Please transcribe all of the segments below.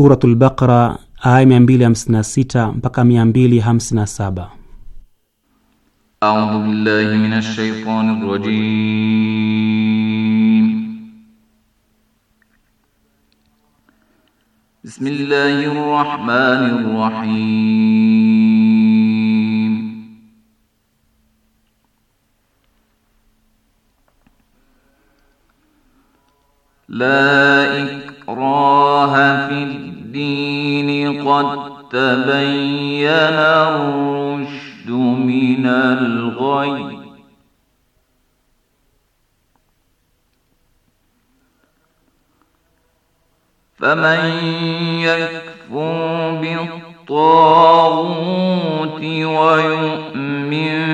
Suratul Baqara aya sita mpaka 257. A'udhu billahi minash shaitani rajim. Bismillahir rahmanir rahim. La ikraha الله في الدين قد تبين الرشد من الغي فمن يكفر بالطاغوت ويؤمن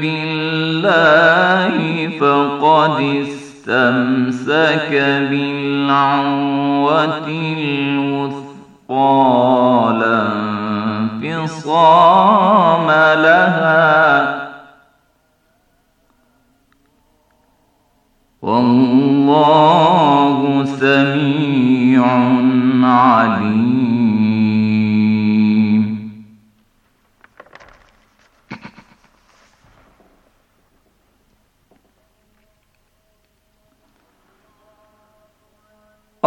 بالله فقد استمع استمسك بالعروة الوثقى لا انفصام لها والله سميع عليم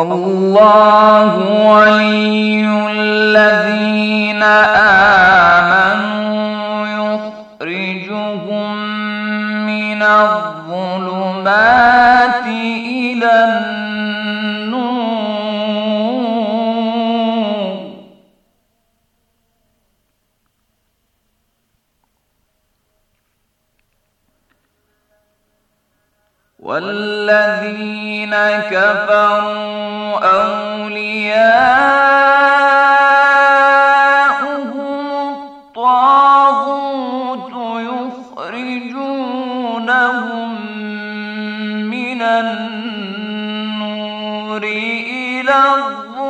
الله ولي الذين آمنوا يخرجهم من الظلمات إلى النار والذين كفروا أولياء الطاغوت يخرجونهم من النور إلى الظلمات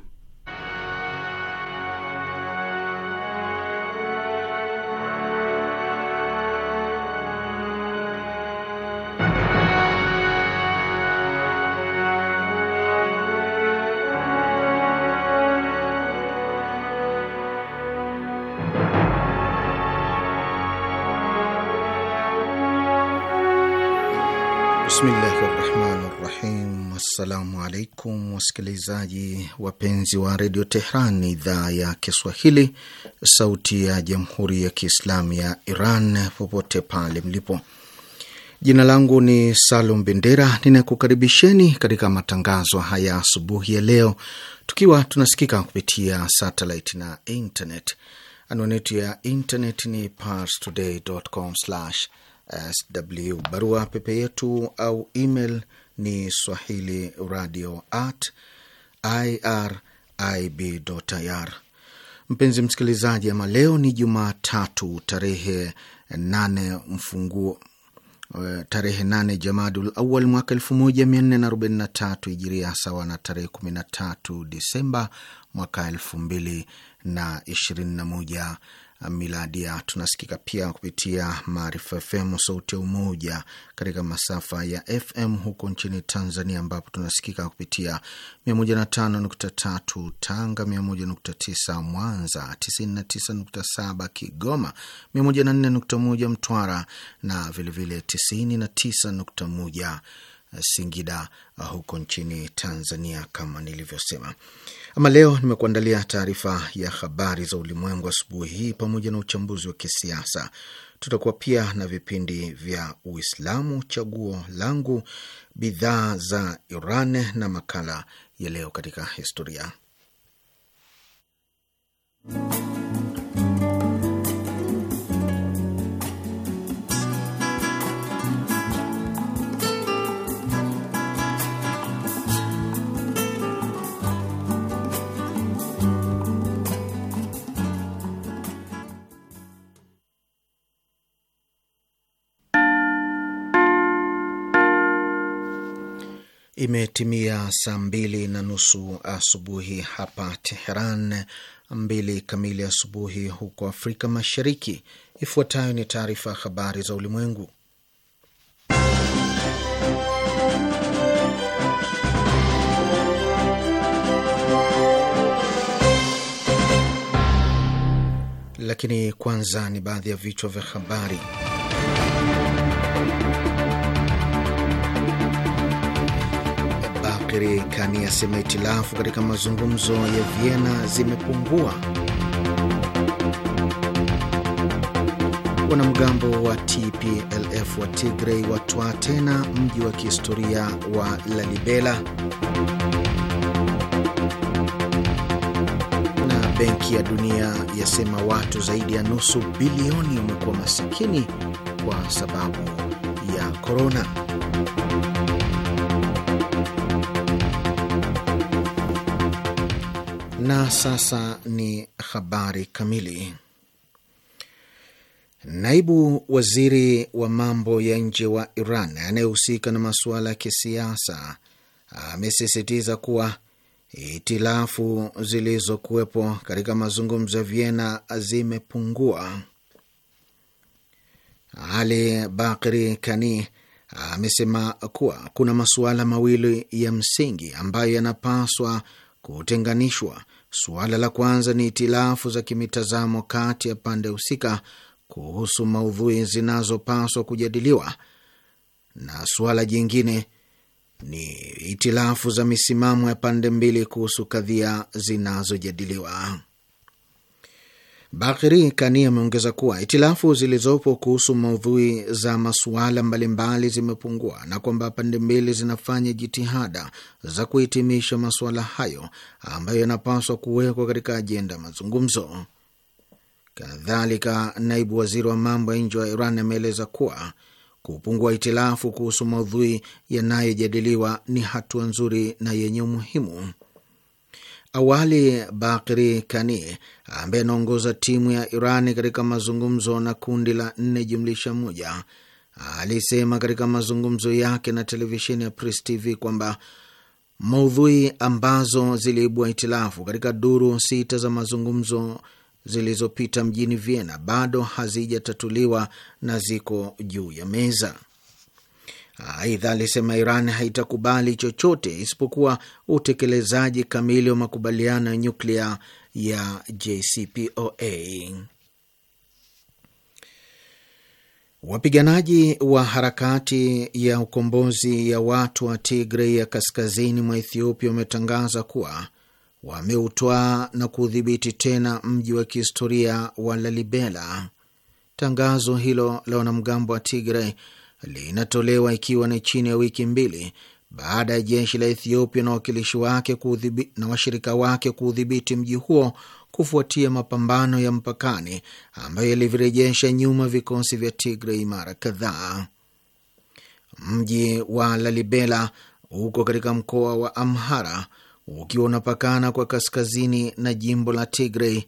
alaikum wasikilizaji wapenzi wa redio Tehran, idhaa ya Kiswahili, sauti ya jamhuri ya kiislamu ya Iran, popote pale mlipo. Jina langu ni Salum Bendera, ninakukaribisheni katika matangazo haya asubuhi ya leo, tukiwa tunasikika kupitia satellite na internet. Anwani yetu ya internet ni parstoday.com/sw, barua pepe yetu au email ni swahili radio at irib.ir. Mpenzi msikilizaji, ama leo ni Jumatatu tarehe nane mfunguo eh, tarehe nane Jamadul Awal mwaka elfu moja mia nne na arobaini na tatu Hijiria, sawa na tarehe kumi na tatu Disemba mwaka elfu mbili na ishirini na moja miladia. Tunasikika pia kupitia Maarifa FM sauti ya Umoja katika masafa ya FM huko nchini Tanzania, ambapo tunasikika kupitia 105.3 Tanga, 101.9 Mwanza, 99.7 Kigoma, 104.1 Mtwara na vilevile 99.1 Singida uh, huko nchini Tanzania, kama nilivyosema. Ama leo nimekuandalia taarifa ya habari za ulimwengu asubuhi hii pamoja na uchambuzi wa kisiasa. Tutakuwa pia na vipindi vya Uislamu, chaguo langu, bidhaa za Iran na makala ya leo katika historia Imetimia saa mbili na nusu asubuhi hapa Teheran, mbili kamili asubuhi huko Afrika Mashariki. Ifuatayo ni taarifa ya habari za ulimwengu, lakini kwanza ni baadhi ya vichwa vya habari. Marekani yasema itilafu katika mazungumzo ya Vienna zimepungua. Wanamgambo wa TPLF wa tigrei watwaa tena mji wa kihistoria wa Lalibela. Na Benki ya Dunia yasema watu zaidi ya nusu bilioni wamekuwa masikini kwa sababu ya korona. Na sasa ni habari kamili. Naibu waziri wa mambo ya nje wa Iran anayehusika na masuala ya kisiasa amesisitiza kuwa itilafu zilizokuwepo katika mazungumzo ya Vienna zimepungua. Ali Bakri Kani amesema kuwa kuna masuala mawili ya msingi ambayo yanapaswa kutenganishwa Suala la kwanza ni itilafu za kimitazamo kati ya pande husika kuhusu maudhui zinazopaswa kujadiliwa, na suala jingine ni itilafu za misimamo ya pande mbili kuhusu kadhia zinazojadiliwa. Bakiri Kani ameongeza kuwa itilafu zilizopo kuhusu maudhui za masuala mbalimbali zimepungua na kwamba pande mbili zinafanya jitihada za kuhitimisha masuala hayo ambayo yanapaswa kuwekwa katika ajenda ya mazungumzo. Kadhalika, naibu waziri wa mambo ya nje wa Iran ameeleza kuwa kupungua itilafu kuhusu maudhui yanayojadiliwa ni hatua nzuri na yenye umuhimu. Awali Bakri Kani ambaye anaongoza timu ya Irani katika mazungumzo na kundi la nne jumlisha moja alisema katika mazungumzo yake na televisheni ya Press TV kwamba maudhui ambazo ziliibua hitilafu katika duru sita za mazungumzo zilizopita mjini Vienna bado hazijatatuliwa na ziko juu ya meza. Aidha alisema Iran haitakubali chochote isipokuwa utekelezaji kamili wa makubaliano ya nyuklia ya JCPOA. Wapiganaji wa harakati ya ukombozi ya watu wa tigre ya kaskazini mwa Ethiopia wametangaza kuwa wameutwaa na kuudhibiti tena mji wa kihistoria wa Lalibela. Tangazo hilo la wanamgambo wa Tigray linatolewa ikiwa ni chini ya wiki mbili baada ya jeshi la Ethiopia na wakilishi wake na washirika wake kuudhibiti mji huo kufuatia mapambano ya mpakani ambayo yalivirejesha nyuma vikosi vya Tigray mara kadhaa. Mji wa Lalibela huko katika mkoa wa Amhara ukiwa unapakana kwa kaskazini na jimbo la Tigray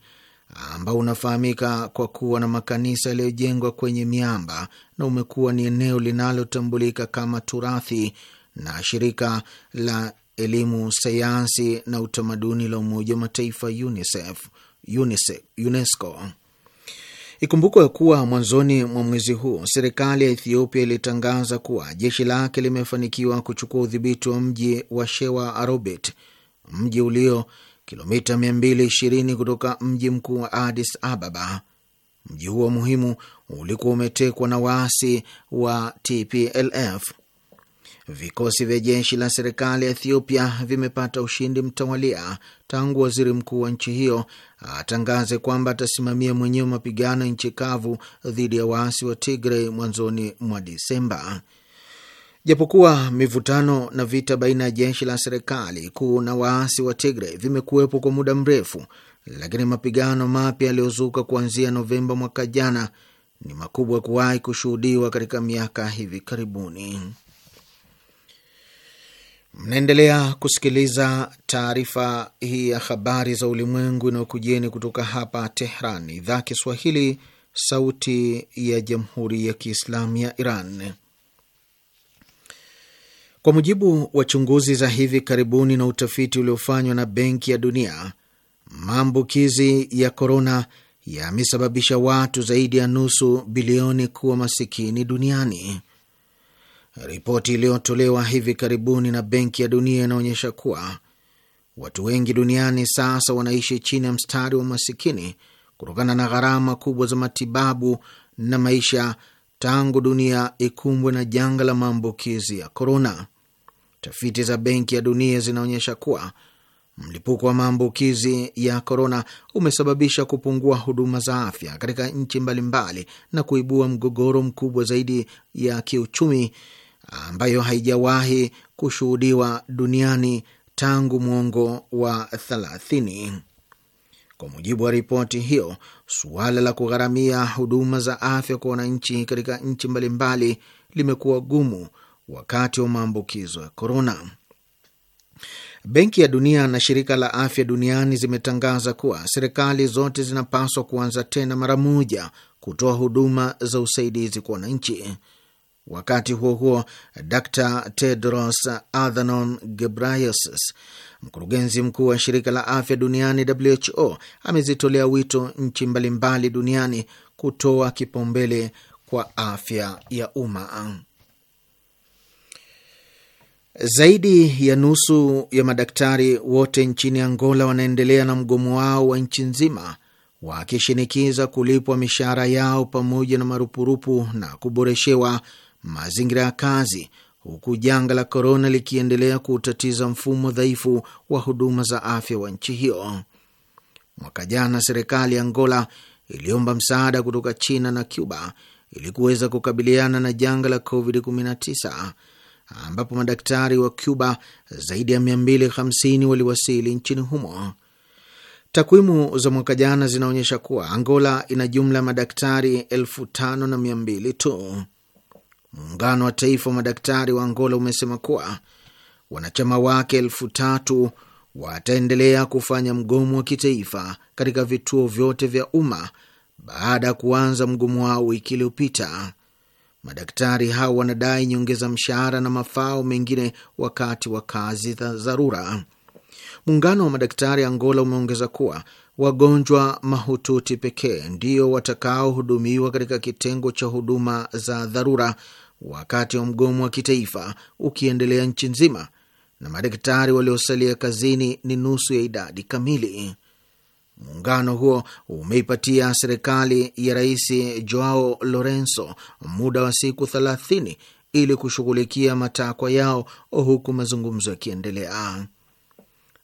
ambao unafahamika kwa kuwa na makanisa yaliyojengwa kwenye miamba na umekuwa ni eneo linalotambulika kama turathi na shirika la elimu, sayansi na utamaduni la Umoja wa Mataifa UNICEF, UNICEF, UNESCO. Ikumbukwe kuwa mwanzoni mwa mwezi huu serikali ya Ethiopia ilitangaza kuwa jeshi lake limefanikiwa kuchukua udhibiti wa mji wa Shewa arobet mji ulio kilomita 220 kutoka mji mkuu wa Addis Ababa. Mji huo muhimu ulikuwa umetekwa na waasi wa TPLF. Vikosi vya jeshi la serikali ya Ethiopia vimepata ushindi mtawalia tangu waziri mkuu wa nchi hiyo atangaze kwamba atasimamia mwenyewe mapigano nchi kavu dhidi ya waasi wa Tigray mwanzoni mwa Disemba. Japokuwa mivutano na vita baina ya jeshi la serikali kuu na waasi wa Tigre vimekuwepo kwa muda mrefu, lakini mapigano mapya yaliyozuka kuanzia Novemba mwaka jana ni makubwa kuwahi kushuhudiwa katika miaka hivi karibuni. Mnaendelea kusikiliza taarifa hii ya habari za ulimwengu inayokujieni kutoka hapa Tehran, idhaa Kiswahili, sauti ya jamhuri ya kiislamu ya Iran. Kwa mujibu wa chunguzi za hivi karibuni na utafiti uliofanywa na Benki ya Dunia, maambukizi ya korona yamesababisha watu zaidi ya nusu bilioni kuwa masikini duniani. Ripoti iliyotolewa hivi karibuni na Benki ya Dunia inaonyesha kuwa watu wengi duniani sasa wanaishi chini ya mstari wa masikini kutokana na gharama kubwa za matibabu na maisha tangu dunia ikumbwe na janga la maambukizi ya korona. Tafiti za Benki ya Dunia zinaonyesha kuwa mlipuko wa maambukizi ya korona umesababisha kupungua huduma za afya katika nchi mbalimbali na kuibua mgogoro mkubwa zaidi ya kiuchumi ambayo haijawahi kushuhudiwa duniani tangu mwongo wa thelathini. Kwa mujibu wa ripoti hiyo, suala la kugharamia huduma za afya kwa wananchi katika nchi mbalimbali limekuwa gumu wakati wa maambukizo ya korona. Benki ya Dunia na Shirika la Afya Duniani zimetangaza kuwa serikali zote zinapaswa kuanza tena mara moja kutoa huduma za usaidizi kwa wananchi. Wakati huo huo, Dr Tedros Adhanom Ghebreyesus, mkurugenzi mkuu wa shirika la afya duniani WHO, amezitolea wito nchi mbalimbali duniani kutoa kipaumbele kwa afya ya umma. Zaidi ya nusu ya madaktari wote nchini Angola wanaendelea na mgomo wao wa nchi nzima wakishinikiza kulipwa mishahara yao pamoja na marupurupu na kuboreshewa mazingira ya kazi, huku janga la korona likiendelea kuutatiza mfumo dhaifu wa huduma za afya wa nchi hiyo. Mwaka jana serikali ya Angola iliomba msaada kutoka China na Cuba ili kuweza kukabiliana na janga la COVID-19 ambapo madaktari wa Cuba zaidi ya 250 waliwasili nchini humo. Takwimu za mwaka jana zinaonyesha kuwa Angola ina jumla ya madaktari 52 tu. Muungano wa Taifa wa Madaktari wa Angola umesema kuwa wanachama wake elfu tatu wataendelea kufanya mgomo wa kitaifa katika vituo vyote vya umma baada ya kuanza mgomo wao wiki iliyopita. Madaktari hao wanadai nyongeza mshahara na mafao mengine wakati wa kazi za dharura. Muungano wa madaktari Angola umeongeza kuwa wagonjwa mahututi pekee ndio watakaohudumiwa katika kitengo cha huduma za dharura wakati wa mgomo wa kitaifa ukiendelea nchi nzima, na madaktari waliosalia kazini ni nusu ya idadi kamili. Muungano huo umeipatia serikali ya Rais Joao Lorenzo muda wa siku 30 ili kushughulikia matakwa yao huku mazungumzo yakiendelea.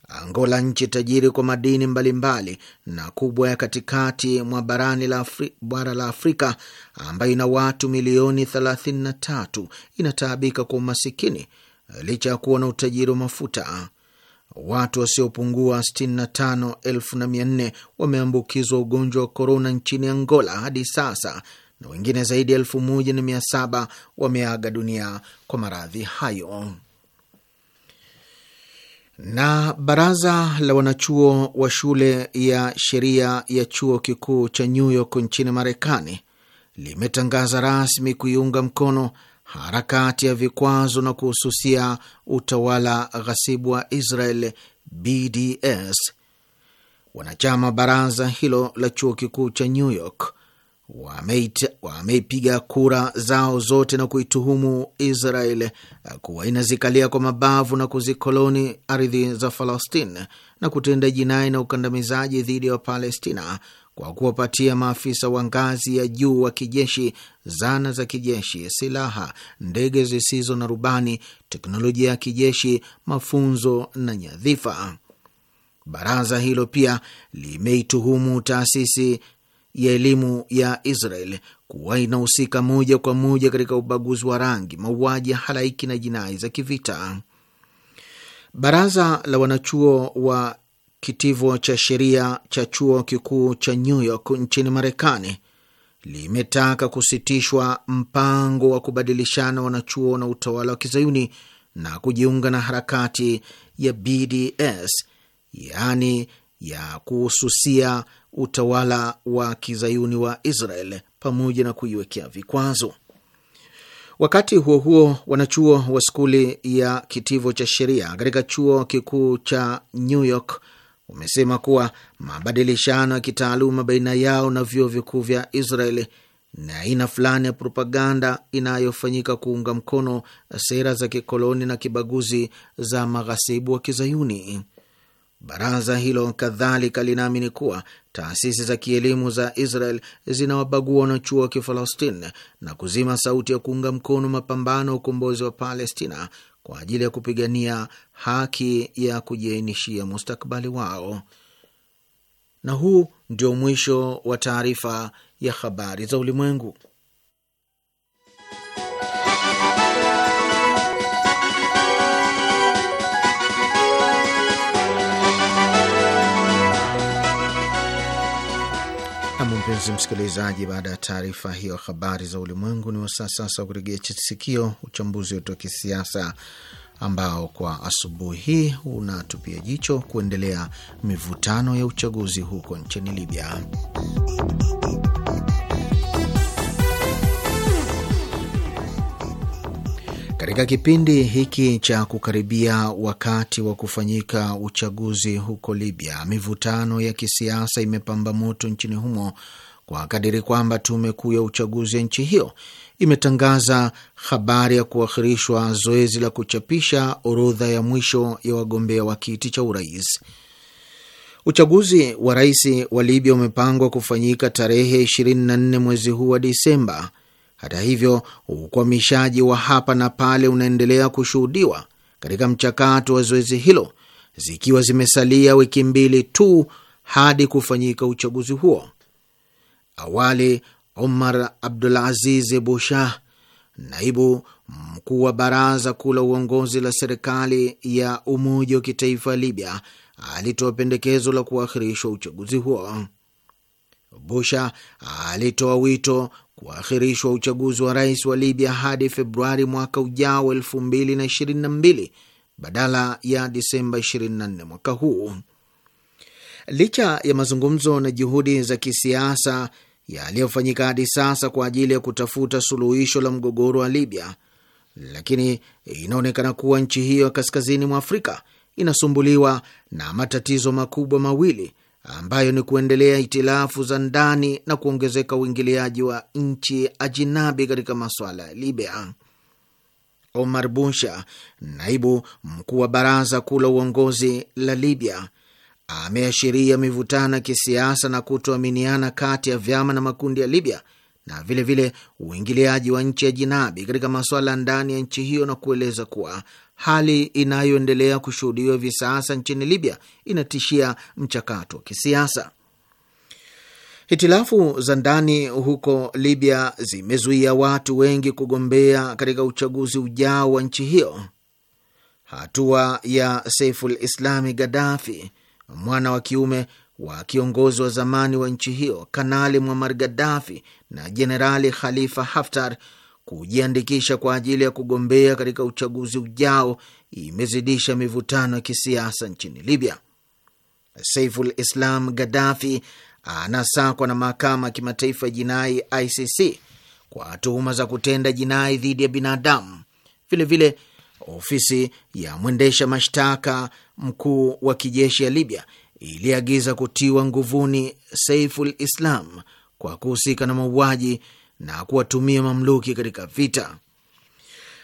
Angola, nchi tajiri kwa madini mbalimbali na kubwa ya katikati mwa barani la Afri, bara la Afrika ambayo ina watu milioni 33 inataabika kwa umasikini licha ya kuwa na utajiri wa mafuta watu wasiopungua 65,400 wameambukizwa ugonjwa wa korona nchini Angola hadi sasa na wengine zaidi ya 1,700 wameaga dunia kwa maradhi hayo. Na baraza la wanachuo wa shule ya sheria ya chuo kikuu cha New York nchini Marekani limetangaza rasmi kuiunga mkono harakati ya vikwazo na kuhususia utawala ghasibu wa Israel BDS. Wanachama baraza hilo la chuo kikuu cha New York wameipiga wa kura zao zote na kuituhumu Israel kuwa inazikalia kwa mabavu na kuzikoloni ardhi za falastine na kutenda jinai na ukandamizaji dhidi ya Wapalestina kwa kuwapatia maafisa wa ngazi ya juu wa kijeshi zana za kijeshi, silaha, ndege zisizo na rubani, teknolojia ya kijeshi, mafunzo na nyadhifa. Baraza hilo pia limeituhumu taasisi ya elimu ya Israel kuwa inahusika moja kwa moja katika ubaguzi wa rangi, mauaji ya halaiki na jinai za kivita. Baraza la wanachuo wa kitivo cha sheria cha chuo kikuu cha New York nchini Marekani limetaka kusitishwa mpango wa kubadilishana wanachuo na utawala wa kizayuni na kujiunga na harakati ya BDS, yaani ya kuhususia utawala wa kizayuni wa Israel pamoja na kuiwekea vikwazo. Wakati huo huo, wanachuo wa skuli ya kitivo cha sheria katika chuo kikuu cha New York umesema kuwa mabadilishano ya kitaaluma baina yao na vyuo vikuu vya Israeli ni aina fulani ya propaganda inayofanyika kuunga mkono sera za kikoloni na kibaguzi za maghasibu wa Kizayuni. Baraza hilo kadhalika linaamini kuwa taasisi za kielimu za Israel zinawabagua wanachuo wa Kifalastini na kuzima sauti ya kuunga mkono mapambano ya ukombozi wa Palestina kwa ajili ya kupigania haki ya kujiainishia mustakabali wao. Na huu ndio mwisho wa taarifa ya habari za ulimwengu. Nam, mpenzi msikilizaji, baada ya taarifa hiyo habari za ulimwengu, ni wasaa sasa kurejea sikio uchambuzi wetu wa kisiasa ambao kwa asubuhi hii unatupia jicho kuendelea mivutano ya uchaguzi huko nchini Libya. Katika kipindi hiki cha kukaribia wakati wa kufanyika uchaguzi huko Libya, mivutano ya kisiasa imepamba moto nchini humo kwa kadiri kwamba tume kuu ya uchaguzi ya nchi hiyo imetangaza habari ya kuahirishwa zoezi la kuchapisha orodha ya mwisho ya wagombea wa kiti cha urais. Uchaguzi wa rais wa Libya umepangwa kufanyika tarehe 24 mwezi huu wa Disemba hata hivyo, ukwamishaji wa hapa na pale unaendelea kushuhudiwa katika mchakato wa zoezi hilo, zikiwa zimesalia wiki mbili tu hadi kufanyika uchaguzi huo. Awali, Omar azizi Bushah, naibu mkuu wa baraza kuu la uongozi la serikali ya umoja wa kitaifa Libya, alitoa pendekezo la kuahirishwa uchaguzi huo. Busha alitoa wito kuahirishwa uchaguzi wa rais wa Libya hadi Februari mwaka ujao elfu mbili na ishirini na mbili badala ya Disemba 24 mwaka huu. Licha ya mazungumzo na juhudi za kisiasa yaliyofanyika hadi sasa kwa ajili ya kutafuta suluhisho la mgogoro wa Libya, lakini inaonekana kuwa nchi hiyo ya kaskazini mwa Afrika inasumbuliwa na matatizo makubwa mawili ambayo ni kuendelea itilafu za ndani na kuongezeka uingiliaji wa nchi ajinabi katika masuala ya Libya. Omar Busha, naibu mkuu wa baraza kuu la uongozi la Libya, ameashiria mivutano ya kisiasa na kutoaminiana kati ya vyama na makundi ya Libya na vilevile uingiliaji wa nchi ya jinabi katika masuala ya ndani ya nchi hiyo na kueleza kuwa hali inayoendelea kushuhudiwa hivi sasa nchini Libya inatishia mchakato wa kisiasa. Hitilafu za ndani huko Libya zimezuia watu wengi kugombea katika uchaguzi ujao wa nchi hiyo. Hatua ya Saiful Islami Gaddafi, mwana wa kiume wa kiongozi wa zamani wa nchi hiyo Kanali Muammar Gaddafi na Jenerali Khalifa Haftar kujiandikisha kwa ajili ya kugombea katika uchaguzi ujao imezidisha mivutano ya kisiasa nchini Libya. Saiful Islam Gaddafi anasakwa na mahakama ya kimataifa ya jinai ICC kwa tuhuma za kutenda jinai dhidi ya binadamu. Vilevile, ofisi ya mwendesha mashtaka mkuu wa kijeshi ya Libya iliagiza kutiwa nguvuni Saiful Islam kwa kuhusika na mauaji na kuwatumia mamluki katika vita.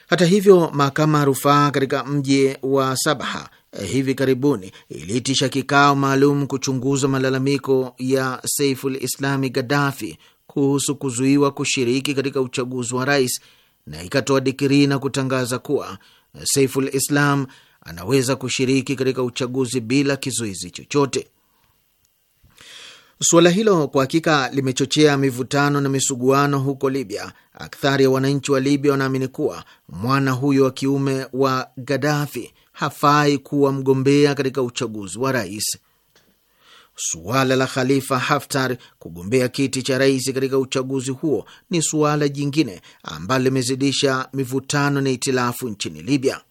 Hata hivyo, mahakama ya rufaa katika mji wa Sabha eh, hivi karibuni iliitisha kikao maalum kuchunguza malalamiko ya Saiful Islami Gaddafi kuhusu kuzuiwa kushiriki katika uchaguzi wa rais na ikatoa dikirii na kutangaza kuwa eh, Saiful Islam anaweza kushiriki katika uchaguzi bila kizuizi chochote. Suala hilo kwa hakika limechochea mivutano na misuguano huko Libya. Akthari ya wananchi wa Libya wanaamini kuwa mwana huyo wa kiume wa Gaddafi hafai kuwa mgombea katika uchaguzi wa rais. Suala la Khalifa Haftar kugombea kiti cha rais katika uchaguzi huo ni suala jingine ambalo limezidisha mivutano na itilafu nchini Libya.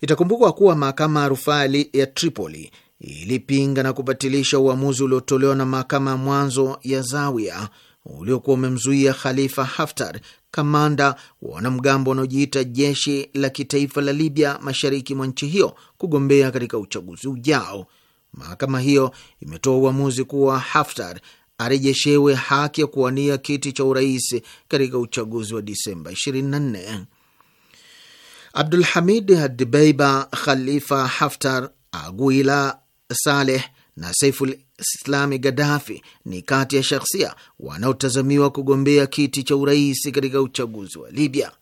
Itakumbukwa kuwa mahakama ya rufaa ya Tripoli ilipinga na kubatilisha uamuzi uliotolewa na mahakama ya mwanzo ya zawia uliokuwa umemzuia Khalifa Haftar, kamanda wa wanamgambo wanaojiita jeshi la kitaifa la Libya mashariki mwa nchi hiyo, kugombea katika uchaguzi ujao. Mahakama hiyo imetoa uamuzi kuwa Haftar arejeshewe haki ya kuwania kiti cha urais katika uchaguzi wa Disemba 24. Abdul Hamid dbeiba Khalifa Haftar Aguila Saleh na Saiful Islami Gaddafi ni kati ya shakhsia wanaotazamiwa kugombea kiti cha urais katika uchaguzi wa Libya.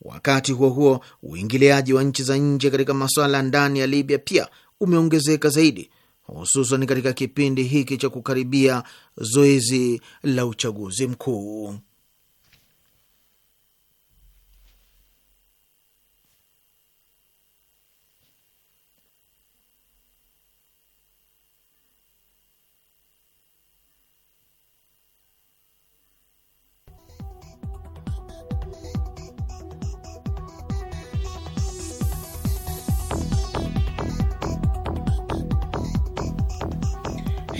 Wakati huo huo, uingiliaji wa nchi za nje katika masuala ndani ya Libya pia umeongezeka zaidi, hususan katika kipindi hiki cha kukaribia zoezi la uchaguzi mkuu.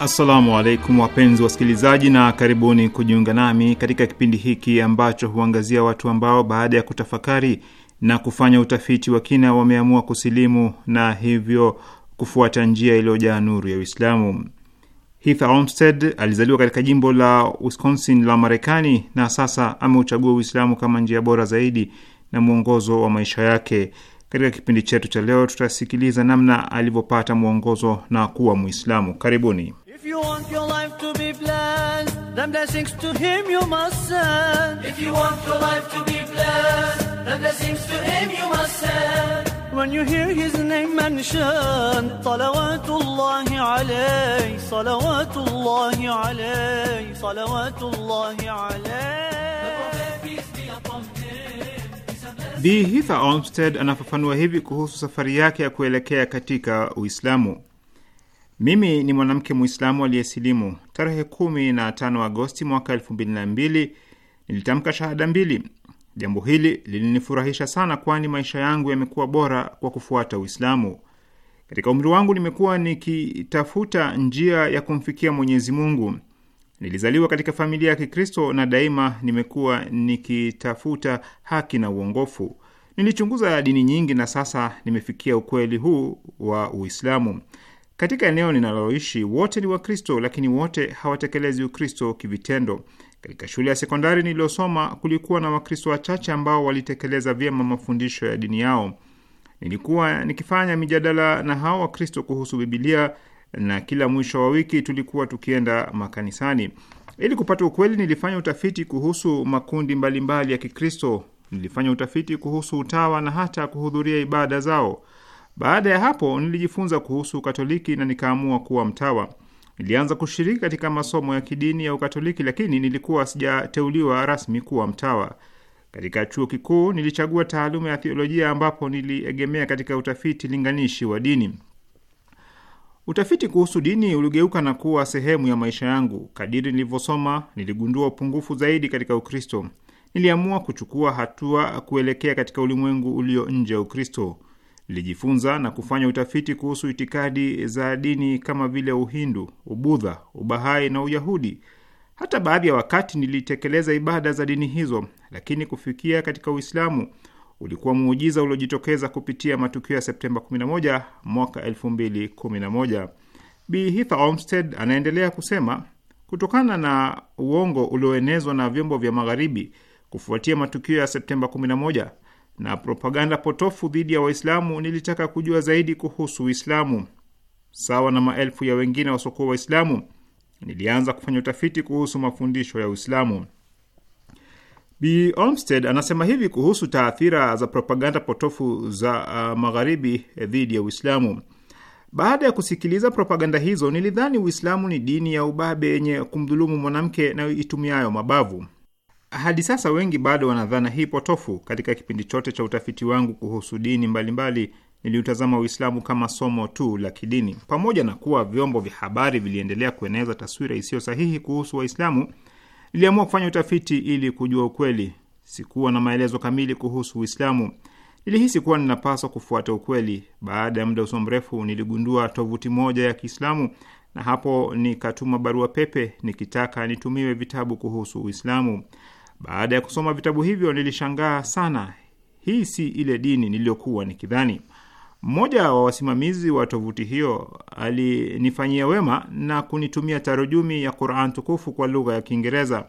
Assalamu alaikum wapenzi wasikilizaji, na karibuni kujiunga nami katika kipindi hiki ambacho huangazia watu ambao baada ya kutafakari na kufanya utafiti wa kina wameamua kusilimu na hivyo kufuata njia iliyojaa nuru ya Uislamu. Heath Olmsted alizaliwa katika jimbo la Wisconsin la Marekani na sasa ameuchagua Uislamu kama njia bora zaidi na mwongozo wa maisha yake. Katika kipindi chetu cha leo, tutasikiliza namna alivyopata mwongozo na kuwa Mwislamu. Karibuni you want your life to be blessed, then blessings to him you must send. If you want your life to be blessed, then blessings to him you must send. When you hear his name mentioned, salawatullahi alayhi, salawatullahi alayhi, salawatullahi Bi Hitha Olmsted anafafanua hivi kuhusu safari yake ya kuelekea katika Uislamu. Mimi ni mwanamke Mwislamu aliyesilimu. Tarehe kumi na tano Agosti mwaka elfu mbili na mbili nilitamka shahada mbili. Jambo hili lilinifurahisha sana, kwani maisha yangu yamekuwa bora kwa kufuata Uislamu. Katika umri wangu nimekuwa nikitafuta njia ya kumfikia Mwenyezi Mungu. Nilizaliwa katika familia ya Kikristo na daima nimekuwa nikitafuta haki na uongofu. Nilichunguza dini nyingi na sasa nimefikia ukweli huu wa Uislamu. Katika eneo ninaloishi wote ni Wakristo, lakini wote hawatekelezi Ukristo kivitendo. Katika shule ya sekondari niliyosoma kulikuwa na Wakristo wachache ambao walitekeleza vyema mafundisho ya dini yao. Nilikuwa nikifanya mijadala na hao Wakristo kuhusu Bibilia na kila mwisho wa wiki tulikuwa tukienda makanisani. Ili kupata ukweli, nilifanya utafiti kuhusu makundi mbalimbali ya Kikristo. Nilifanya utafiti kuhusu utawa na hata kuhudhuria ibada zao. Baada ya hapo nilijifunza kuhusu Ukatoliki na nikaamua kuwa mtawa. Nilianza kushiriki katika masomo ya kidini ya Ukatoliki, lakini nilikuwa sijateuliwa rasmi kuwa mtawa. Katika chuo kikuu nilichagua taaluma ya theolojia, ambapo niliegemea katika utafiti linganishi wa dini. Utafiti kuhusu dini uligeuka na kuwa sehemu ya maisha yangu. Kadiri nilivyosoma, niligundua upungufu zaidi katika Ukristo. Niliamua kuchukua hatua kuelekea katika ulimwengu ulio nje ya Ukristo lilijifunza na kufanya utafiti kuhusu itikadi za dini kama vile Uhindu, Ubudha, Ubahai na Uyahudi. Hata baadhi ya wakati nilitekeleza ibada za dini hizo, lakini kufikia katika Uislamu ulikuwa muujiza uliojitokeza kupitia matukio ya Septemba 11 mwaka 2011. Bi Hitha Olmsted anaendelea kusema, kutokana na uongo ulioenezwa na vyombo vya Magharibi kufuatia matukio ya Septemba 11 na propaganda potofu dhidi ya Waislamu, nilitaka kujua zaidi kuhusu Uislamu. Sawa na maelfu ya wengine wasiokuwa Waislamu, nilianza kufanya utafiti kuhusu mafundisho ya Uislamu. B. Olmsted anasema hivi kuhusu taathira za propaganda potofu za uh, magharibi eh, dhidi ya Uislamu. Baada ya kusikiliza propaganda hizo, nilidhani Uislamu ni dini ya ubabe yenye kumdhulumu mwanamke na itumiayo mabavu. Hadi sasa wengi bado wanadhana hii potofu. Katika kipindi chote cha utafiti wangu kuhusu dini mbalimbali, niliutazama Uislamu kama somo tu la kidini. Pamoja na kuwa vyombo vya habari viliendelea kueneza taswira isiyo sahihi kuhusu Waislamu, niliamua kufanya utafiti ili kujua ukweli. Sikuwa na maelezo kamili kuhusu Uislamu, nilihisi kuwa ninapaswa kufuata ukweli. Baada ya muda usio mrefu, niligundua tovuti moja ya Kiislamu na hapo nikatuma barua pepe nikitaka nitumiwe vitabu kuhusu Uislamu. Baada ya kusoma vitabu hivyo nilishangaa sana, hii si ile dini niliyokuwa nikidhani. Mmoja wa wasimamizi wa tovuti hiyo alinifanyia wema na kunitumia tarujumi ya Quran tukufu kwa lugha ya Kiingereza.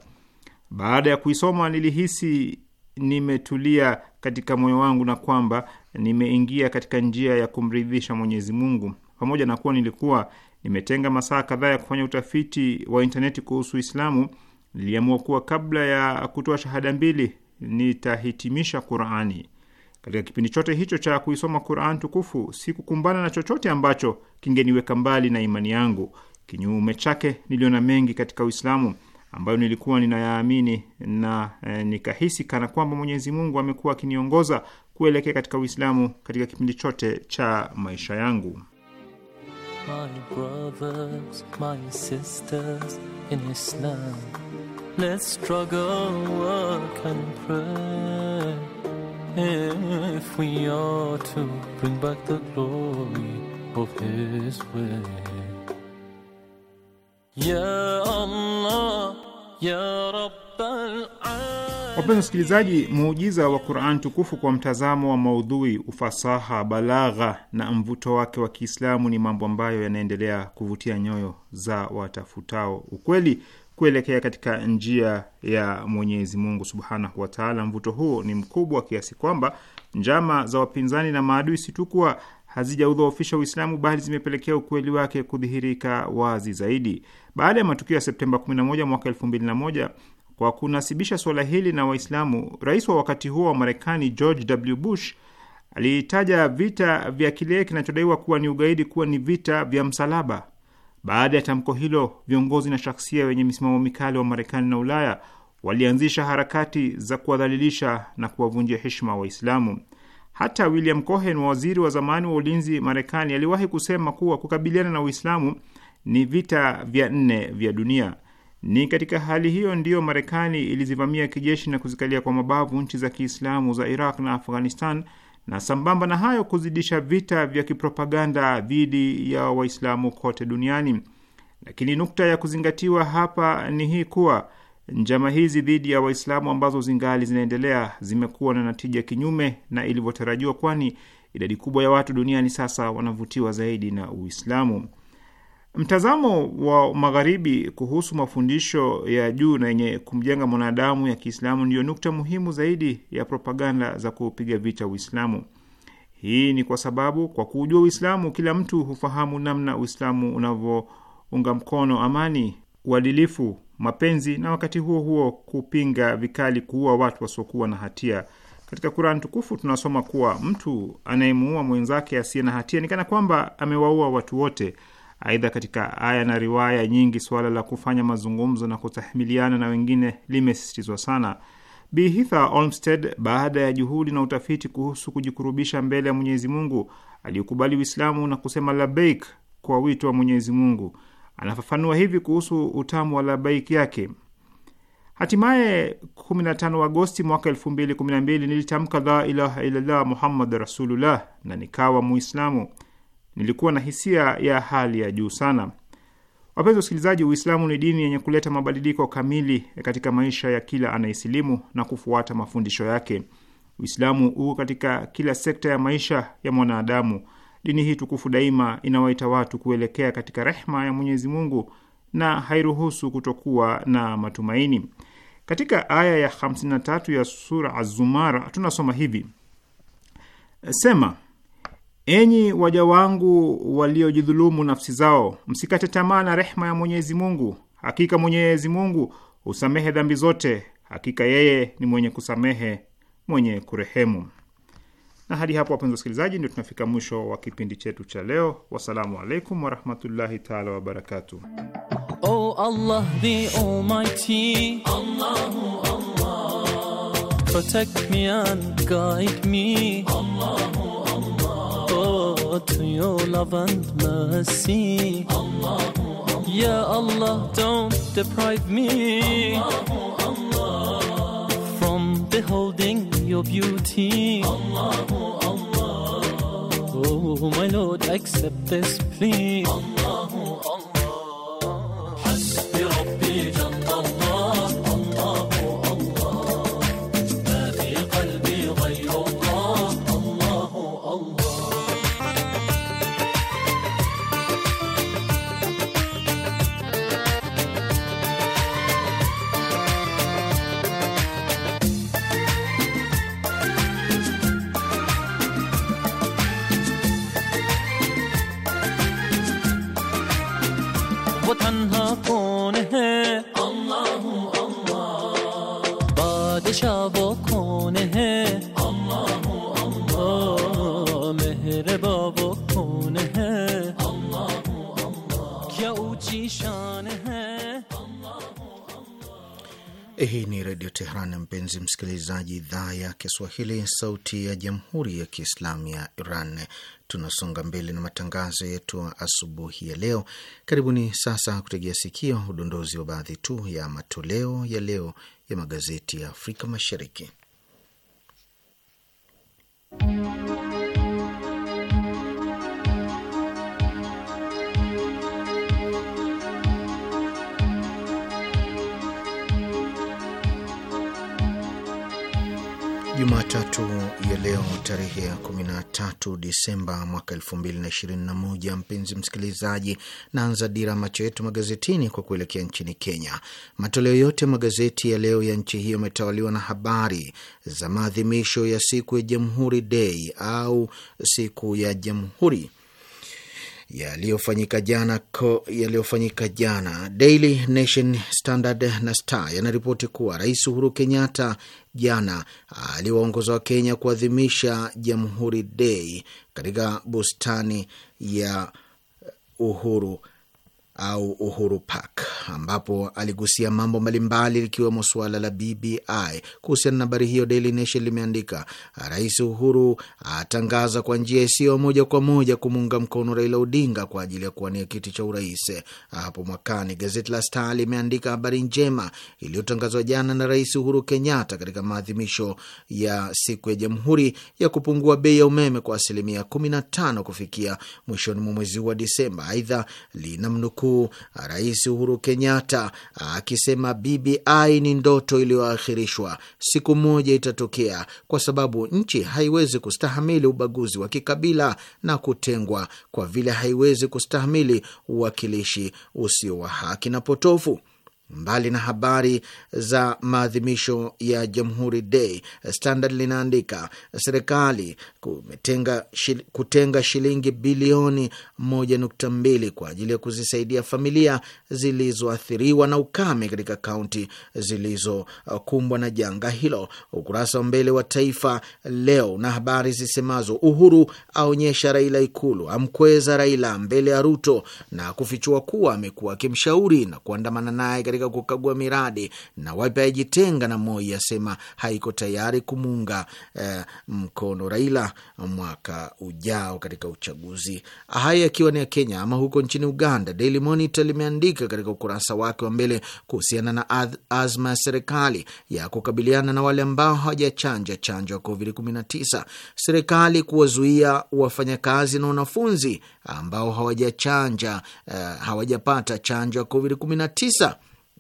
Baada ya kuisoma nilihisi nimetulia katika moyo wangu na kwamba nimeingia katika njia ya kumridhisha Mwenyezi Mungu. Pamoja na kuwa nilikuwa nimetenga masaa kadhaa ya kufanya utafiti wa intaneti kuhusu Uislamu, Niliamua kuwa kabla ya kutoa shahada mbili nitahitimisha Qurani. Katika kipindi chote hicho cha kuisoma Quran tukufu sikukumbana na chochote ambacho kingeniweka mbali na imani yangu. Kinyume chake, niliona mengi katika Uislamu ambayo nilikuwa ninayaamini na e, nikahisi kana kwamba Mwenyezi Mungu amekuwa akiniongoza kuelekea katika Uislamu katika kipindi chote cha maisha yangu. My brothers, my sisters in Islam. Let's struggle, work and pray if we are to bring back the glory of His way. Ya Allah, Ya Rabbal Wapenzi msikilizaji, muujiza wa Quran tukufu kwa mtazamo wa maudhui, ufasaha, balagha na mvuto wake wa Kiislamu ni mambo ambayo yanaendelea kuvutia nyoyo za watafutao ukweli kuelekea katika njia ya Mwenyezi Mungu subhanahu wataala. Mvuto huo ni mkubwa kiasi kwamba njama za wapinzani na maadui si tu kuwa hazijaudhoofisha Uislamu bali zimepelekea ukweli wake kudhihirika wazi zaidi. Baada ya matukio ya Septemba 11 mwaka 2001, kwa kunasibisha suala hili na Waislamu, rais wa wakati huo wa Marekani George W. Bush aliitaja vita vya kile kinachodaiwa kuwa ni ugaidi kuwa ni vita vya msalaba. Baada ya tamko hilo, viongozi na shaksia wenye misimamo mikali wa Marekani na Ulaya walianzisha harakati za kuwadhalilisha na kuwavunjia heshima Waislamu. Hata William Cohen, waziri wa zamani wa ulinzi Marekani, aliwahi kusema kuwa kukabiliana na Uislamu ni vita vya nne vya dunia. Ni katika hali hiyo ndiyo Marekani ilizivamia kijeshi na kuzikalia kwa mabavu nchi za Kiislamu za Iraq na Afghanistan na sambamba na hayo kuzidisha vita vya kipropaganda dhidi ya Waislamu kote duniani. Lakini nukta ya kuzingatiwa hapa ni hii kuwa njama hizi dhidi ya Waislamu ambazo zingali zinaendelea zimekuwa na natija kinyume na ilivyotarajiwa, kwani idadi kubwa ya watu duniani sasa wanavutiwa zaidi na Uislamu. Mtazamo wa Magharibi kuhusu mafundisho ya juu na yenye kumjenga mwanadamu ya Kiislamu ndiyo nukta muhimu zaidi ya propaganda za kupiga vita Uislamu. Hii ni kwa sababu kwa kuujua Uislamu kila mtu hufahamu namna Uislamu unavyounga mkono amani, uadilifu, mapenzi na wakati huo huo kupinga vikali kuua watu wasiokuwa na hatia. Katika Kurani tukufu tunasoma kuwa mtu anayemuua mwenzake asiye na hatia ni kana kwamba amewaua watu wote. Aidha, katika aya na riwaya nyingi suala la kufanya mazungumzo na kutahimiliana na wengine limesisitizwa sana. Bi Hitha Olmsted, baada ya juhudi na utafiti kuhusu kujikurubisha mbele ya Mwenyezi Mungu, aliyekubali Uislamu na kusema labeik kwa wito wa Mwenyezi Mungu, anafafanua hivi kuhusu utamu wa labeik yake: Hatimaye 15 Agosti mwaka 2012 nilitamka la ilaha illallah Muhammad rasulullah na nikawa Muislamu nilikuwa na hisia ya hali ya juu sana. Wapenzi wasikilizaji, Uislamu ni dini yenye kuleta mabadiliko kamili katika maisha ya kila anayesilimu na kufuata mafundisho yake. Uislamu uko katika kila sekta ya maisha ya mwanadamu. Dini hii tukufu daima inawaita watu kuelekea katika rehma ya Mwenyezi Mungu na hairuhusu kutokuwa na matumaini. Katika aya ya 53 ya sura Az-Zumar tunasoma hivi: Sema, Enyi waja wangu waliojidhulumu nafsi zao, msikate tamaa na rehma ya Mwenyezi Mungu. Hakika Mwenyezi Mungu husamehe dhambi zote, hakika yeye ni mwenye kusamehe, mwenye kurehemu. Na hadi hapo, wapenzi wasikilizaji, ndio tunafika mwisho wa kipindi chetu cha leo. Wassalamu alaikum warahmatullahi taala wabarakatuh. Oh your love and mercy. yeah, Allah. Ya Allah, don't deprive me from beholding your beauty. Oh, my Lord, accept this plea. Hii ni Redio Tehran, mpenzi msikilizaji, idhaa ya Kiswahili, sauti ya jamhuri ya kiislamu ya Iran. Tunasonga mbele na matangazo yetu asubuhi ya leo. Karibuni sasa kutegea sikio udondozi wa baadhi tu ya matoleo ya leo ya magazeti ya Afrika Mashariki. Leo tarehe ya 13 Disemba mwaka 2021, mpenzi msikilizaji, naanza dira macho yetu magazetini kwa kuelekea nchini Kenya. Matoleo yote ya magazeti ya leo ya nchi hiyo yametawaliwa na habari za maadhimisho ya siku ya Jamhuri Dei au siku ya Jamhuri yaliyofanyika jana yaliyofanyika jana. Daily Nation, Standard na Star yanaripoti kuwa Rais Uhuru Kenyatta jana aliwaongoza Wakenya kuadhimisha Jamhuri Day katika bustani ya Uhuru au Uhuru Park ambapo aligusia mambo mbalimbali likiwemo suala la BBI. Kuhusiana na habari hiyo, Daily Nation limeandika Rais Uhuru atangaza kwa njia isiyo moja kwa moja kumuunga mkono Raila Odinga kwa ajili ya kuwania kiti cha urais hapo mwakani. Gazeti la Star limeandika habari njema iliyotangazwa jana na Rais Uhuru Kenyatta katika maadhimisho ya siku ya Jamhuri ya kupungua bei ya umeme kwa asilimia 15 kufikia mwishoni mwa mwezi huu wa Disemba. Aidha linamnukuu Mkuu Rais Uhuru Kenyatta akisema BBI ni ndoto iliyoakhirishwa, siku moja itatokea, kwa sababu nchi haiwezi kustahamili ubaguzi wa kikabila na kutengwa, kwa vile haiwezi kustahamili uwakilishi usio wa haki na potofu. Mbali na habari za maadhimisho ya Jamhuri Day, Standard linaandika serikali shil, kutenga shilingi bilioni 1.2 kwa ajili ya kuzisaidia familia zilizoathiriwa na ukame katika kaunti zilizokumbwa na janga hilo. Ukurasa wa mbele wa Taifa Leo na habari zisemazo Uhuru aonyesha Raila Ikulu, amkweza Raila mbele ya Ruto na kufichua kuwa amekuwa akimshauri na kuandamana naye katika kukagua miradi. Nawapi ajitenga na Moi, asema haiko tayari kumuunga eh, mkono Raila mwaka ujao katika uchaguzi. Haya akiwa ni ya Kenya. Ama huko nchini Uganda, Daily Monitor limeandika katika ukurasa wake wa mbele kuhusiana na azma ya serikali ya kukabiliana na wale ambao hawajachanja chanjo ya COVID-19, serikali kuwazuia wafanyakazi na wanafunzi ambao hawajachanja, eh, hawajapata chanjo ya COVID-19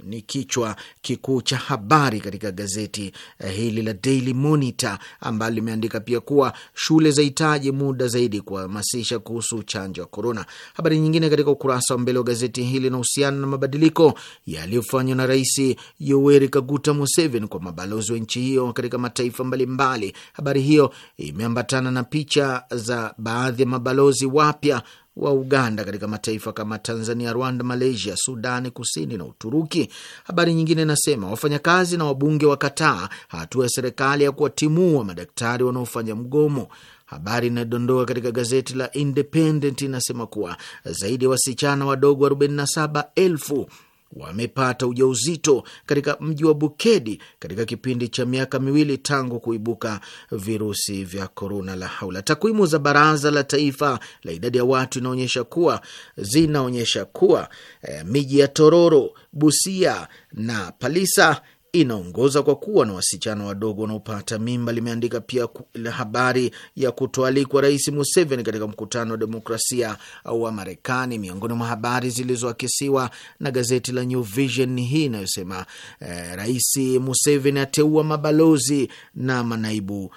ni kichwa kikuu cha habari katika gazeti eh, hili la Daily Monitor ambalo limeandika pia kuwa shule zahitaji muda zaidi kuhamasisha kuhusu chanjo ya korona. Habari nyingine katika ukurasa wa mbele wa gazeti hili inahusiana na mabadiliko yaliyofanywa na Rais Yoweri Kaguta Museveni kwa mabalozi wa nchi hiyo katika mataifa mbalimbali. Habari hiyo imeambatana na picha za baadhi ya mabalozi wapya wa Uganda katika mataifa kama Tanzania, Rwanda, Malaysia, Sudani Kusini na Uturuki. Habari nyingine inasema wafanyakazi na wabunge wakataa hatua ya serikali ya kuwatimua madaktari wanaofanya mgomo. Habari inayodondoka katika gazeti la Independent inasema kuwa zaidi ya wasichana wadogo 47 elfu wamepata ujauzito katika mji wa Bukedi katika kipindi cha miaka miwili tangu kuibuka virusi vya korona. La haula! Takwimu za Baraza la Taifa la idadi ya watu inaonyesha kuwa zinaonyesha kuwa e, miji ya Tororo, Busia na Palisa inaongoza kwa kuwa na wasichana wadogo wanaopata mimba. Limeandika pia habari ya kutoalikwa Rais Museveni katika mkutano wa demokrasia wa Marekani, miongoni mwa habari zilizoakisiwa na gazeti la New Vision hii inayosema eh, Rais Museveni ateua mabalozi na manaibu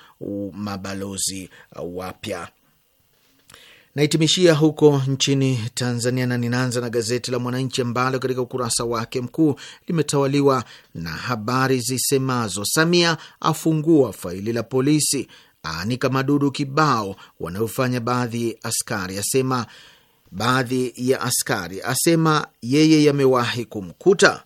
mabalozi wapya. Naitimishia huko nchini Tanzania na ninaanza na gazeti la Mwananchi ambalo katika ukurasa wake mkuu limetawaliwa na habari zisemazo: Samia afungua faili la polisi, aanika madudu kibao wanayofanya baadhi askari, asema baadhi ya askari, asema yeye yamewahi kumkuta.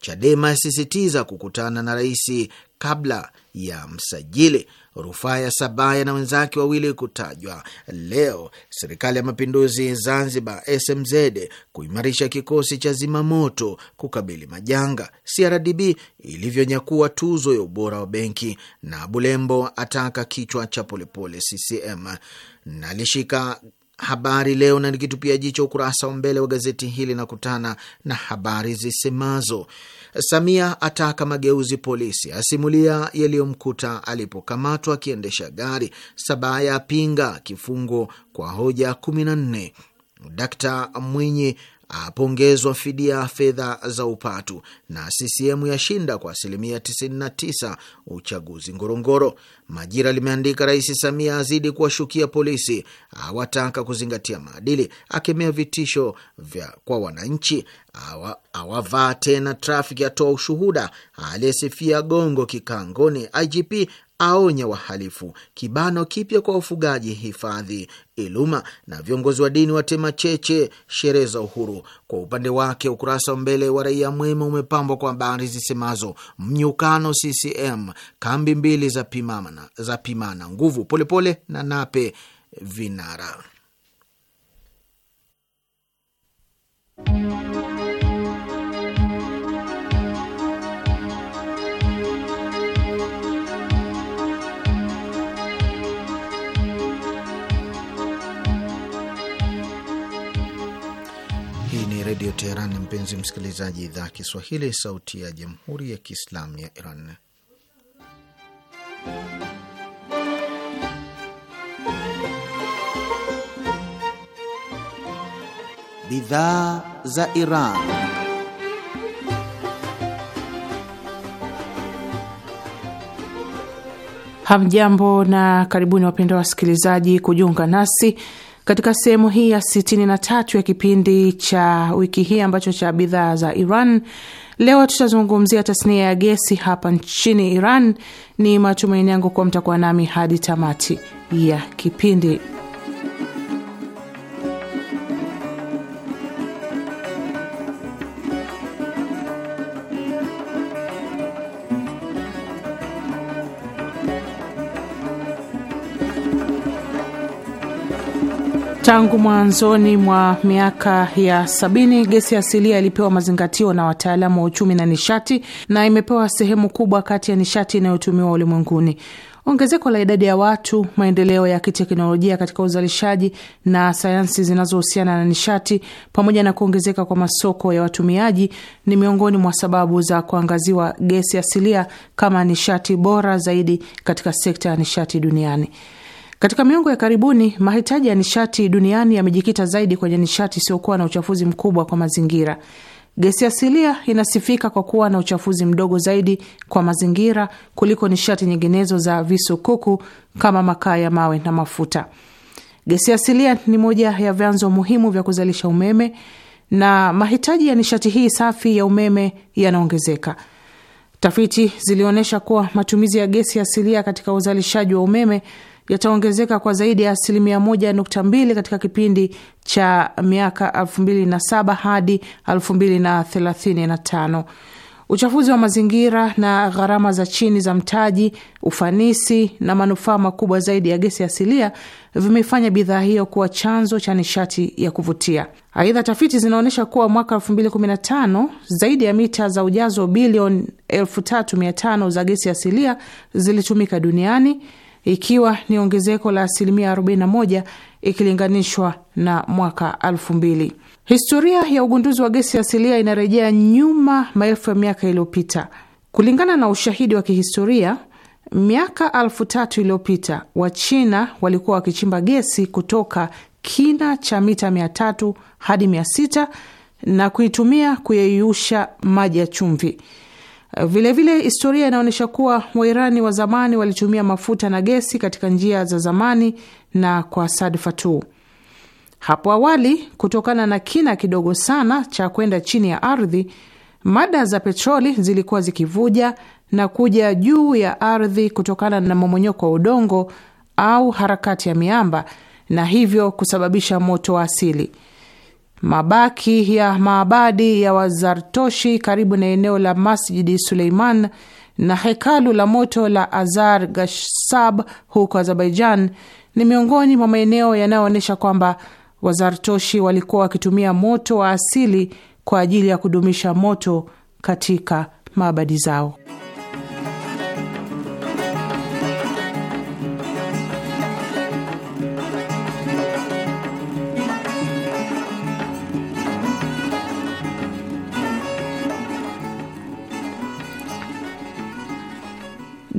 Chadema yasisitiza kukutana na rais kabla ya msajili rufaa ya Sabaya na wenzake wawili kutajwa leo. Serikali ya Mapinduzi Zanzibar SMZ kuimarisha kikosi cha zimamoto kukabili majanga. CRDB ilivyonyakua tuzo ya ubora wa benki, na Bulembo ataka kichwa cha polepole CCM. Nalishika habari leo na nikitupia jicho ukurasa wa mbele wa gazeti hili na kutana na habari zisemazo Samia ataka mageuzi polisi, asimulia yaliyomkuta alipokamatwa akiendesha gari. Sabaya apinga kifungo kwa hoja kumi na nne. Dkt Mwinyi apongezwa fidia fedha za upatu, na CCM yashinda kwa asilimia 99 uchaguzi Ngorongoro. Majira limeandika Rais Samia azidi kuwashukia polisi, awataka kuzingatia maadili, akemea vitisho vya kwa wananchi, awavaa tena trafiki, atoa ushuhuda, aliyesifia gongo kikangoni, IGP aonya wahalifu, kibano kipya kwa wafugaji hifadhi Iluma, na viongozi wa dini watema cheche sherehe za uhuru. Kwa upande wake ukurasa wa mbele wa Raia Mwema umepambwa kwa habari zisemazo mnyukano CCM, kambi mbili za pimana, za pimana nguvu, Polepole pole na Nape vinara Redio Teheran. Mpenzi msikilizaji, idhaa Kiswahili, sauti ya jamhuri ya kiislamu ya Iran. Bidhaa za Iran. Hamjambo na karibuni wapendwa wasikilizaji kujiunga nasi katika sehemu hii ya 63 ya kipindi cha wiki hii ambacho cha bidhaa za Iran, leo tutazungumzia tasnia ya gesi hapa nchini Iran. Ni matumaini yangu kuwa mtakuwa nami hadi tamati ya kipindi. Tangu mwanzoni mwa miaka ya sabini gesi asilia ilipewa mazingatio na wataalamu wa uchumi na nishati na imepewa sehemu kubwa kati ya nishati inayotumiwa ulimwenguni. Ongezeko la idadi ya watu, maendeleo ya kiteknolojia katika uzalishaji na sayansi zinazohusiana na nishati, pamoja na kuongezeka kwa masoko ya watumiaji ni miongoni mwa sababu za kuangaziwa gesi asilia kama nishati bora zaidi katika sekta ya nishati duniani. Katika miongo ya karibuni mahitaji ya nishati duniani yamejikita zaidi kwenye nishati isiyokuwa na uchafuzi mkubwa kwa mazingira. Gesi asilia inasifika kwa kuwa na uchafuzi mdogo zaidi kwa mazingira kuliko nishati nyinginezo za visukuku kama makaa ya mawe na mafuta. Gesi asilia ni moja ya vyanzo muhimu vya kuzalisha umeme na mahitaji ya nishati hii safi ya umeme yanaongezeka. Tafiti zilionyesha kuwa matumizi ya gesi asilia katika uzalishaji wa umeme yataongezeka kwa zaidi ya asilimia 1.2 katika kipindi cha miaka saba hadi tano. Uchafuzi wa mazingira na gharama za chini za mtaji, ufanisi na manufaa makubwa zaidi ya gesi asilia vimefanya bidhaa hiyo kuwa chanzo cha nishati ya kuvutia. Aidha, tafiti zinaonyesha kuwa mwaka 2015 zaidi ya mita za ujazo bilioni 3500 za gesi asilia zilitumika duniani ikiwa ni ongezeko la asilimia 41 ikilinganishwa na mwaka 2000. Historia ya ugunduzi wa gesi asilia inarejea nyuma maelfu ya miaka iliyopita. Kulingana na ushahidi wa kihistoria, miaka 3 tatu iliyopita Wachina walikuwa wakichimba gesi kutoka kina cha mita 300 hadi 600 na kuitumia kuyeyusha maji ya chumvi. Vilevile eh, vile historia inaonyesha kuwa Wairani wa zamani walitumia mafuta na gesi katika njia za zamani na kwa sadfa tu. Hapo awali, kutokana na kina kidogo sana cha kwenda chini ya ardhi, mada za petroli zilikuwa zikivuja na kuja juu ya ardhi kutokana na momonyoko wa udongo au harakati ya miamba, na hivyo kusababisha moto wa asili. Mabaki ya maabadi ya Wazartoshi karibu na eneo la Masjidi Suleiman na hekalu la moto la Azar Gashsab huko Azerbaijan ni miongoni mwa maeneo yanayoonyesha kwamba Wazartoshi walikuwa wakitumia moto wa asili kwa ajili ya kudumisha moto katika maabadi zao.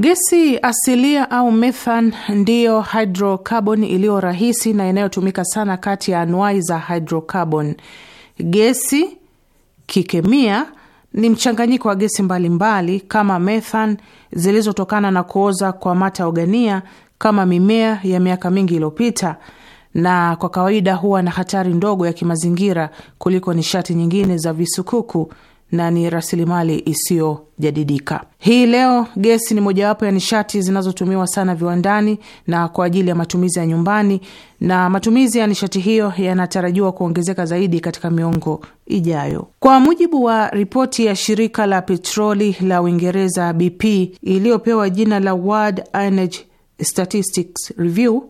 Gesi asilia au methan ndiyo hydrocarbon iliyo rahisi na inayotumika sana kati ya anuai za hydrocarbon. Gesi kikemia ni mchanganyiko wa gesi mbalimbali mbali, kama methan zilizotokana na kuoza kwa mata ogania kama mimea ya miaka mingi iliyopita, na kwa kawaida huwa na hatari ndogo ya kimazingira kuliko nishati nyingine za visukuku na ni rasilimali isiyojadidika. Hii leo gesi ni mojawapo ya nishati zinazotumiwa sana viwandani na kwa ajili ya matumizi ya nyumbani, na matumizi ya nishati hiyo yanatarajiwa kuongezeka zaidi katika miongo ijayo. Kwa mujibu wa ripoti ya shirika la petroli la Uingereza BP iliyopewa jina la World Energy Statistics Review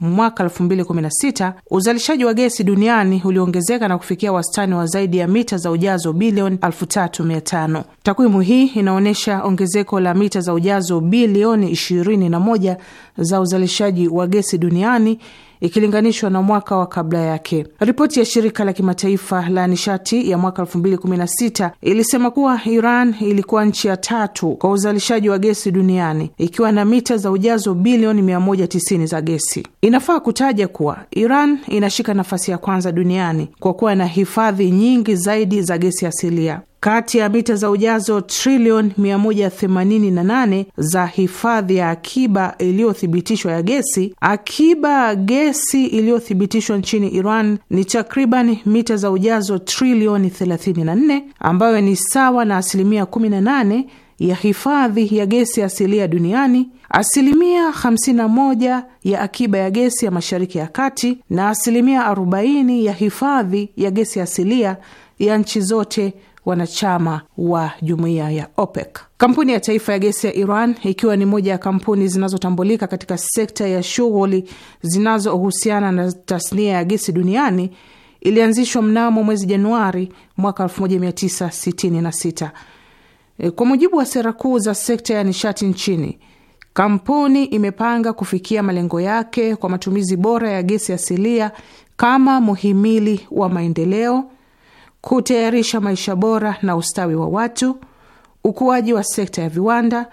mwaka 2016 uzalishaji wa gesi duniani uliongezeka na kufikia wastani wa zaidi ya mita za ujazo bilioni 3500. Takwimu hii inaonyesha ongezeko la mita za ujazo bilioni 21 za uzalishaji wa gesi duniani ikilinganishwa na mwaka wa kabla yake. Ripoti ya shirika la kimataifa la nishati ya mwaka 2016 ilisema kuwa Iran ilikuwa nchi ya tatu kwa uzalishaji wa gesi duniani ikiwa na mita za ujazo bilioni 190 za gesi. Inafaa kutaja kuwa Iran inashika nafasi ya kwanza duniani kwa kuwa na hifadhi nyingi zaidi za gesi asilia kati ya mita za ujazo trilioni 188 za hifadhi ya akiba iliyothibitishwa ya gesi, akiba gesi iliyothibitishwa nchini Iran ni takriban mita za ujazo trilioni 34 ambayo ni sawa na asilimia 18 ya hifadhi ya gesi asilia duniani, asilimia 51 ya akiba ya gesi ya Mashariki ya Kati na asilimia 40 ya hifadhi ya gesi asilia ya nchi zote wanachama wa jumuiya ya OPEC. Kampuni ya taifa ya gesi ya Iran, ikiwa ni moja ya kampuni zinazotambulika katika sekta ya shughuli zinazohusiana na tasnia ya gesi duniani, ilianzishwa mnamo mwezi Januari mwaka 1966 e, kwa mujibu wa sera kuu za sekta ya nishati nchini. Kampuni imepanga kufikia malengo yake kwa matumizi bora ya gesi asilia kama muhimili wa maendeleo kutayarisha maisha bora na ustawi wa watu, ukuaji wa sekta ya viwanda,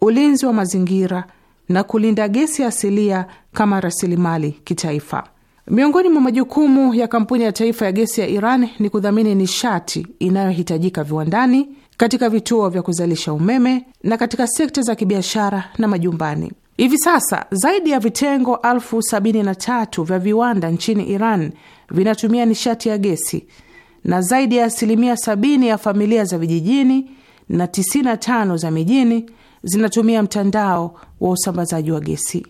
ulinzi wa mazingira na kulinda gesi asilia kama rasilimali kitaifa. Miongoni mwa majukumu ya kampuni ya taifa ya gesi ya Iran ni kudhamini nishati inayohitajika viwandani, katika vituo vya kuzalisha umeme na katika sekta za kibiashara na majumbani. Hivi sasa zaidi ya vitengo elfu sabini na tatu vya viwanda nchini Iran vinatumia nishati ya gesi na zaidi ya asilimia sabini ya familia za vijijini na 95 za mijini zinatumia mtandao wa usambazaji wa gesi.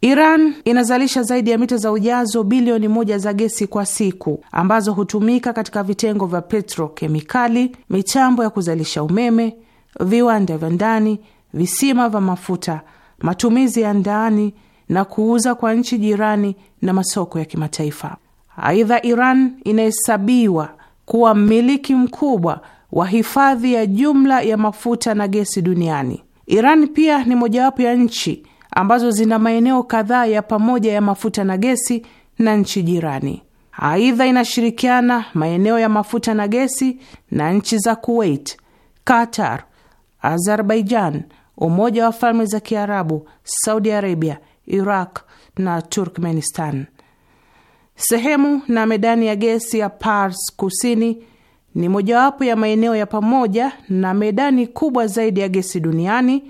Iran inazalisha zaidi ya mita za ujazo bilioni moja za gesi kwa siku ambazo hutumika katika vitengo vya petrokemikali, mitambo ya kuzalisha umeme, viwanda vya ndani, visima vya mafuta, matumizi ya ndani na kuuza kwa nchi jirani na masoko ya kimataifa. Aidha, Iran inahesabiwa kuwa mmiliki mkubwa wa hifadhi ya jumla ya mafuta na gesi duniani. Iran pia ni mojawapo ya nchi ambazo zina maeneo kadhaa ya pamoja ya mafuta na gesi na nchi jirani. Aidha, inashirikiana maeneo ya mafuta na gesi na nchi za Kuwait, Qatar, Azerbaijan, Umoja wa Falme za Kiarabu, Saudi Arabia, Iraq na Turkmenistan. Sehemu na medani ya gesi ya Pars Kusini ni mojawapo ya maeneo ya pamoja na medani kubwa zaidi ya gesi duniani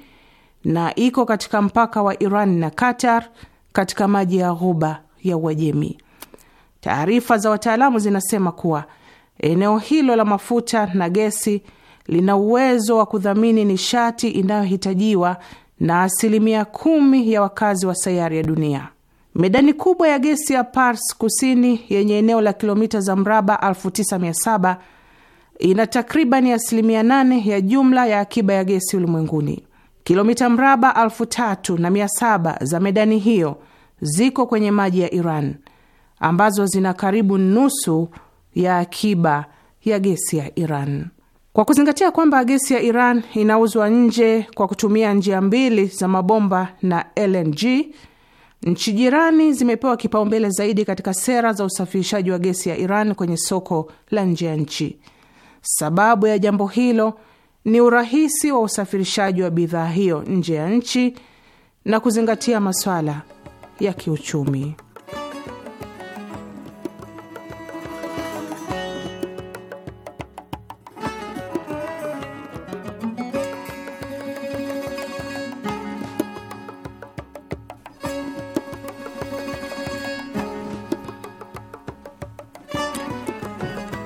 na iko katika mpaka wa Iran na Qatar katika maji ya Ghuba ya Uajemi. Taarifa za wataalamu zinasema kuwa eneo hilo la mafuta na gesi lina uwezo wa kudhamini nishati inayohitajiwa na asilimia kumi ya wakazi wa sayari ya dunia. Medani kubwa ya gesi ya Pars kusini yenye eneo la kilomita za mraba 97 ina takribani asilimia 8 ya jumla ya akiba ya gesi ulimwenguni. Kilomita mraba 3700 za medani hiyo ziko kwenye maji ya Iran ambazo zina karibu nusu ya akiba ya gesi ya Iran. Kwa kuzingatia kwamba gesi ya Iran inauzwa nje kwa kutumia njia mbili za mabomba na LNG Nchi jirani zimepewa kipaumbele zaidi katika sera za usafirishaji wa gesi ya Iran kwenye soko la nje ya nchi. Sababu ya jambo hilo ni urahisi wa usafirishaji wa bidhaa hiyo nje ya nchi na kuzingatia masuala ya kiuchumi.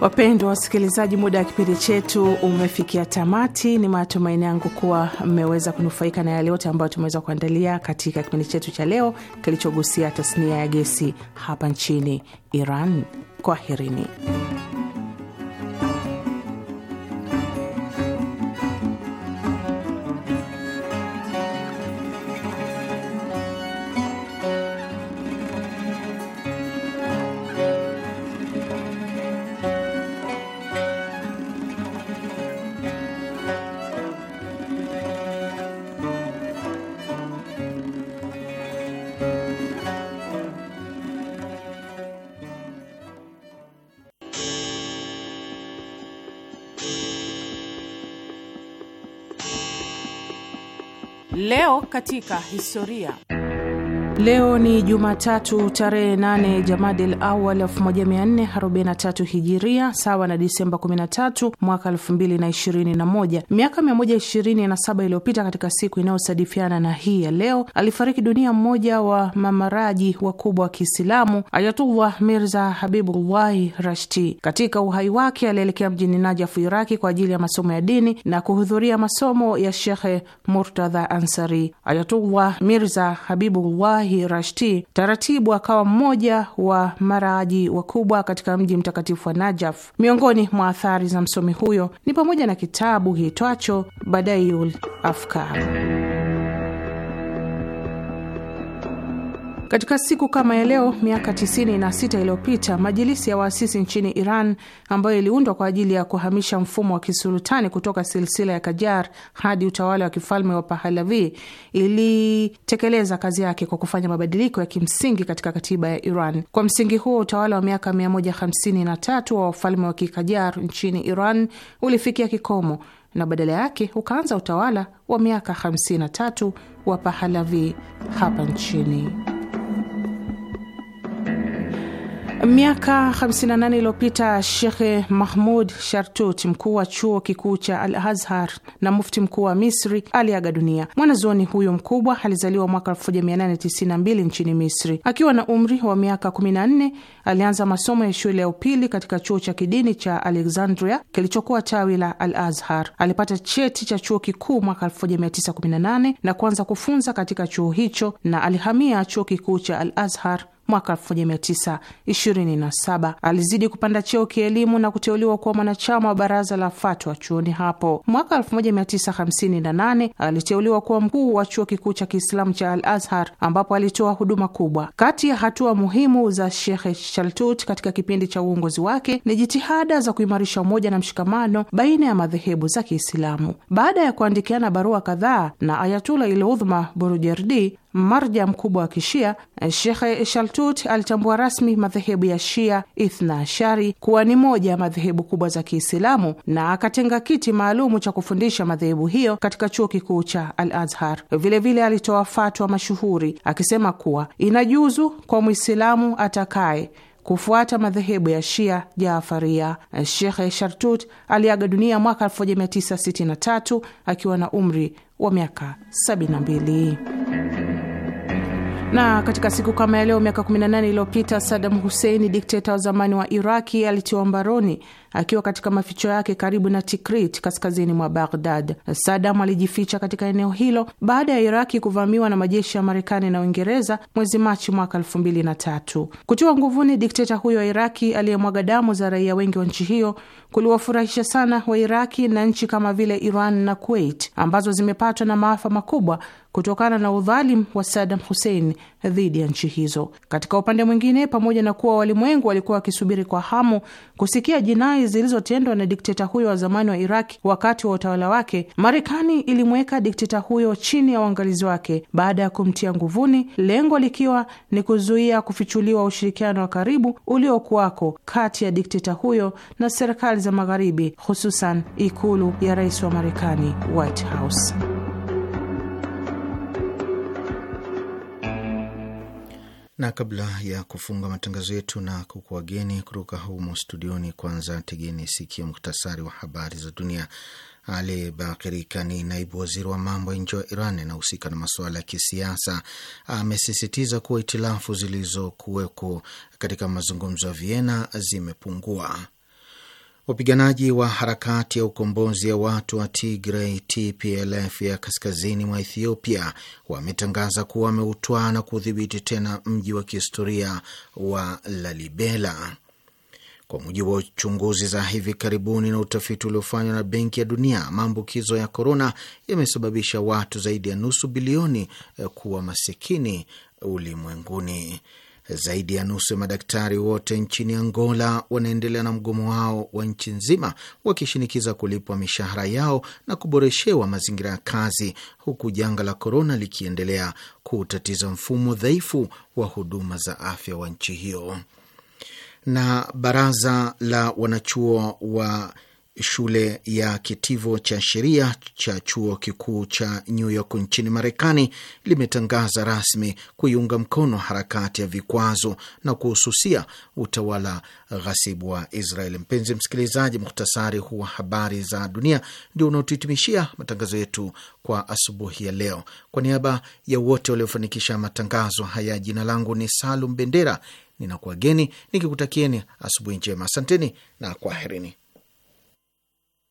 Wapendwa wasikilizaji, muda wa kipindi chetu umefikia tamati. Ni matumaini yangu kuwa mmeweza kunufaika na yale yote ambayo tumeweza kuandalia katika kipindi chetu cha leo kilichogusia tasnia ya gesi hapa nchini Iran. Kwaherini. katika historia. Leo ni Jumatatu tarehe 8 Jamadil Awal 1443 Hijiria, sawa na Disemba 13 mwaka 2021. Miaka 127 iliyopita, katika siku inayosadifiana na hii ya leo, alifariki dunia mmoja wa mamaraji wakubwa wa Kiislamu, Ayatullah Mirza Habibullahi Rashti. Katika uhai wake alielekea mjini Najafu, Iraki, kwa ajili ya masomo ya dini na kuhudhuria masomo ya Shekhe Murtadha Ansari. Ayatullah Mirza Habibullahi Ismahi Rashti, taratibu akawa mmoja wa maraji wakubwa katika mji mtakatifu wa Najaf. Miongoni mwa athari za msomi huyo ni pamoja na kitabu kiitwacho Badaiul Afkar. Katika siku kama ya leo miaka 96 iliyopita majilisi ya waasisi nchini Iran ambayo iliundwa kwa ajili ya kuhamisha mfumo wa kisultani kutoka silsila ya Kajar hadi utawala wa kifalme wa Pahalavi ilitekeleza kazi yake kwa kufanya mabadiliko ya kimsingi katika katiba ya Iran. Kwa msingi huo, utawala wa miaka 153 wa wafalme wa kikajar nchini Iran ulifikia kikomo na badala yake ukaanza utawala wa miaka 53 wa Pahalavi hapa nchini. Miaka 58 iliyopita Shekhe Mahmud Shartut, mkuu wa chuo kikuu cha Al Azhar na mufti mkuu wa Misri, aliaga dunia. Mwanazuoni huyo mkubwa alizaliwa mwaka 1892 nchini Misri. Akiwa na umri wa miaka 14 alianza masomo ya shule ya upili katika chuo cha kidini cha Alexandria kilichokuwa tawi la Al Azhar. Alipata cheti cha chuo kikuu mwaka 1918 na kuanza kufunza katika chuo hicho, na alihamia chuo kikuu cha Al Azhar mwaka 1927. Alizidi kupanda cheo kielimu na kuteuliwa kuwa mwanachama wa baraza la fatwa chuoni hapo. Mwaka 1958 aliteuliwa kuwa mkuu wa chuo kikuu cha Kiislamu cha Al Azhar, ambapo alitoa huduma kubwa. Kati ya hatua muhimu za Shekhe Shaltut katika kipindi cha uongozi wake ni jitihada za kuimarisha umoja na mshikamano baina ya madhehebu za Kiislamu. Baada ya kuandikiana barua kadhaa na Ayatula Iludhma Burujerdi marja mkubwa wa kishia, eh, Shekhe Shaltut alitambua rasmi madhehebu ya Shia Ithna Ashari kuwa ni moja ya madhehebu kubwa za Kiislamu na akatenga kiti maalumu cha kufundisha madhehebu hiyo katika chuo kikuu cha Al Azhar. Vilevile alitoa fatwa mashuhuri akisema kuwa inajuzu kwa Mwislamu atakaye kufuata madhehebu ya Shia Jaafaria. Eh, Shekhe Shartut aliaga dunia mwaka 1963 akiwa na umri wa miaka 72. Mm. Na katika siku kama ya leo miaka 18 iliyopita Sadam huseini dikteta wa zamani wa Iraki, alitiwa mbaroni Akiwa katika maficho yake karibu na Tikrit kaskazini mwa Baghdad, Sadam alijificha katika eneo hilo baada ya Iraki kuvamiwa na majeshi ya Marekani na Uingereza mwezi Machi mwaka elfu mbili na tatu. Kutiwa nguvuni dikteta huyo wa Iraki aliyemwaga damu za raia wengi wa nchi hiyo kuliwafurahisha sana Wairaki na nchi kama vile Iran na Kuwait ambazo zimepatwa na maafa makubwa kutokana na udhalim wa Saddam Hussein dhidi ya nchi hizo. Katika upande mwingine, pamoja na kuwa walimwengu walikuwa wakisubiri kwa hamu kusikia jinai jinai zilizotendwa na dikteta huyo wa zamani wa Iraq wakati wa utawala wake, Marekani ilimweka dikteta huyo chini ya uangalizi wake baada ya kumtia nguvuni, lengo likiwa ni kuzuia kufichuliwa ushirikiano wa karibu uliokuwako kati ya dikteta huyo na serikali za Magharibi, hususan ikulu ya rais wa Marekani, White House. na kabla ya kufunga matangazo yetu na kukuwageni kutoka humo studioni, kwanza tegeni sikia muktasari wa habari za dunia. Ali bakirika ni naibu waziri wa mambo ya nje wa Iran anahusika na masuala ya kisiasa, amesisitiza kuwa itilafu zilizokuweko katika mazungumzo ya Vienna zimepungua. Wapiganaji wa harakati ya ukombozi ya watu wa Tigray TPLF ya kaskazini mwa Ethiopia wametangaza kuwa wameutwaa na kudhibiti tena mji wa kihistoria wa Lalibela. Kwa mujibu wa uchunguzi za hivi karibuni na utafiti uliofanywa na Benki ya Dunia, maambukizo ya korona yamesababisha watu zaidi ya nusu bilioni eh, kuwa masikini ulimwenguni. Zaidi ya nusu ya madaktari wote nchini Angola wanaendelea na mgomo wao wa nchi nzima, wakishinikiza kulipwa mishahara yao na kuboreshewa mazingira ya kazi, huku janga la korona likiendelea kutatiza mfumo dhaifu wa huduma za afya wa nchi hiyo. Na baraza la wanachuo wa shule ya kitivo cha sheria cha chuo kikuu cha New York nchini Marekani limetangaza rasmi kuiunga mkono harakati ya vikwazo na kuhususia utawala ghasibu wa israel Mpenzi msikilizaji, muhtasari huu wa habari za dunia ndio unaotuhitimishia matangazo yetu kwa asubuhi ya leo. Kwa niaba ya wote waliofanikisha matangazo haya, jina langu ni Salum Bendera, ninakuwageni nikikutakieni asubuhi njema. Asanteni na kwaherini.